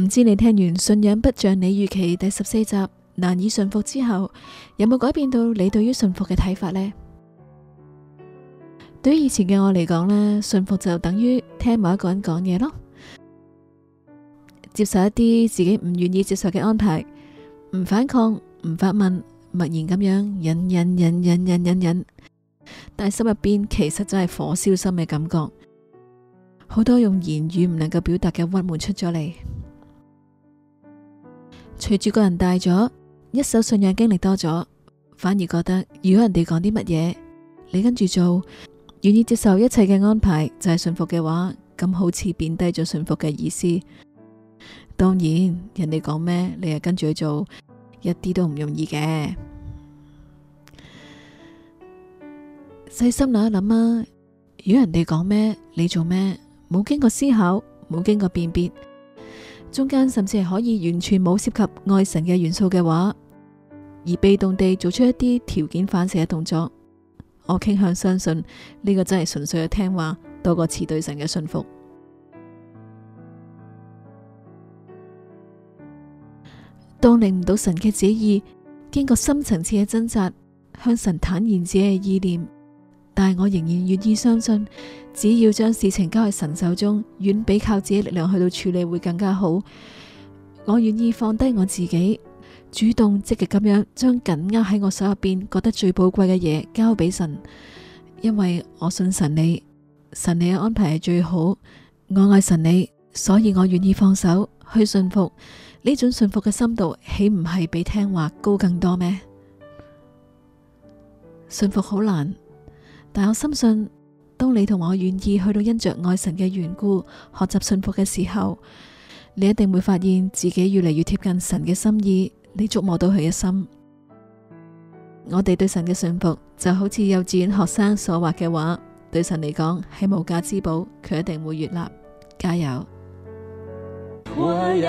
唔知你聽完《信仰不像你預期》第十四集《難以順服》之後，有冇改變到你對於順服嘅睇法呢？對於以前嘅我嚟講呢，順服就等於聽某一個人講嘢咯，接受一啲自己唔願意接受嘅安排，唔反抗，唔發問，默然咁樣忍忍忍忍忍忍忍，但係心入邊其實真係火燒心嘅感覺，好多用言語唔能夠表達嘅鬱悶出咗嚟。.隨住個人大咗，一手信仰經歷多咗，反而覺得如果人哋講啲乜嘢，你跟住做，願意接受一切嘅安排就係信服嘅話，咁好似變低咗信服嘅意思。當然，人哋講咩，你又跟住去做，一啲都唔容易嘅。細心諗一諗啊，如果人哋講咩，你做咩，冇經過思考，冇經過辨別。中間甚至係可以完全冇涉及愛神嘅元素嘅話，而被動地做出一啲條件反射嘅動作，我傾向相信呢、這個真係純粹嘅聽話多過似對神嘅信服。 當令唔到神嘅旨意，經過深層次嘅掙扎，向神坦然自己嘅意念。但係我仍然願意相信，只要將事情交喺神手中，遠比靠自己力量去到處理會更加好。我願意放低我自己，主動積極咁樣將緊握喺我手入邊覺得最寶貴嘅嘢交俾神，因為我信神你，神你嘅安排係最好。我愛神你，所以我願意放手去信服。呢種信服嘅深度，豈唔係比聽話高更多咩？信服好難。但我深信，當你同我願意去到因着愛神嘅緣故學習信服嘅時候，你一定會發現自己越嚟越貼近神嘅心意，你觸摸到佢嘅心。我哋對神嘅信服就好似幼稚園學生所畫嘅畫，對神嚟講係無價之寶，佢一定會悅納。加油！我也